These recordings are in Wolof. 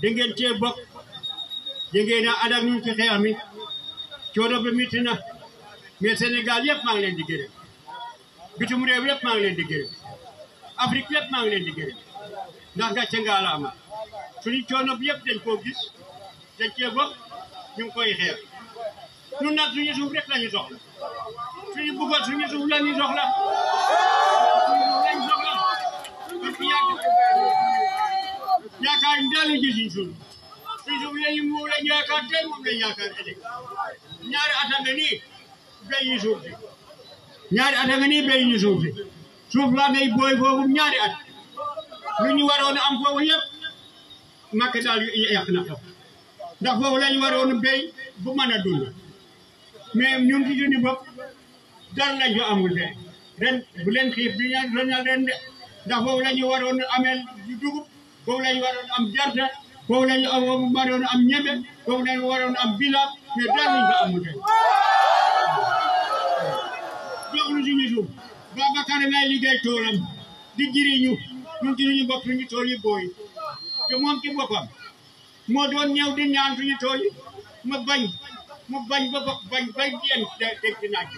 dangeen cee bokk dangeen a ànd ak ci xeex mi coono bi métti na mais Sénégal yëpp maa ngi leen di gërëm bitum réew yëpp maa ngi leen di gërëm Afrique yëpp maa ngi leen di gërëm ndax gàcce ngaalaama suñu coono bi yëpp dañ koo gis dañ cee bokk ñu koy xeex ñun nag suñu suuf rek la ñu soxla suñu bëggoon suñu suuf ñu soxla እንዳለ ጅሱ ጅሱ ብለኝ ሙለኛ ካደር ሙለኛ ካደር ኛር አተገኒ በይሱፍ ኛር አተገኒ በይሱፍ ሱፍ ላገ ይቦይ ጎጉ ኛር አት ምን ወሮን አንፎ ወየብ ማከዳል ያክናፈ ዳፎ ላይ ወሮን በይ ቡማና ዱና mais ñun ci suñu bopp dara la ñu amul de ren bu leen xiif bi ñaan ren de ndax foofu la ñu waroon ameel dugub foofu lañu waroon am jarda foofu lañu waroon am ñebe foofu lañu waroon am bilaab mais dara lañu ko amul tey joxuñu suñu suuf Babacar ngay liggéey toolam di jiriñu ñun suñu bopp suñu tool yi booy te moom ci boppam moo doon ñëw di ñaan suñu tool ma bañ mu bañ ba bañ bay jéem dégg naaj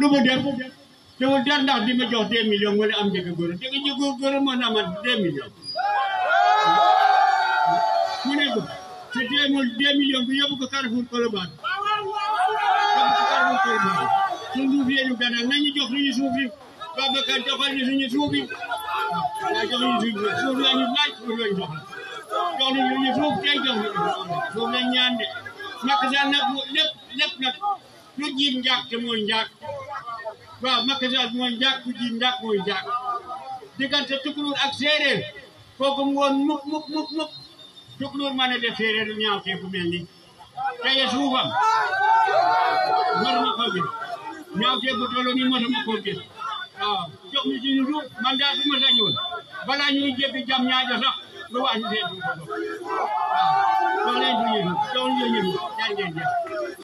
lu mu di ma jox deux millions wala am njëkk a njëkk góor a mën a amal deux millions. mu ne ko te demoon deux millions bi yóbbu ko Carrefour Colobane yóbbu ko ñu suuf yi Babacar joxal ñu suñu suuf suñu suuf suuf ñu laaj suuf la jox jox ñu suuf tey jox ñu suuf la ñaan de Macky Sall nag lépp lépp nag lu jiin njaak te mooy njaak waaw Macky Sall mooy njaak ku jiin njaak mooy njaak diggante tukulur ak séeréer kooku mu woon muk muk muk muk tukulóor maa ne def séeréer lu ñaaw mel ni teye suufam mosuma ko gis ñaaw tee bu toll nii mosuma ko gis waaw jox mi suñu suuf man daa su ma sañoon balaa ñuy jébbi jam ñaajo sax lu wax ñu seen suuf waaw jox leen suñu suuf jox leen suñu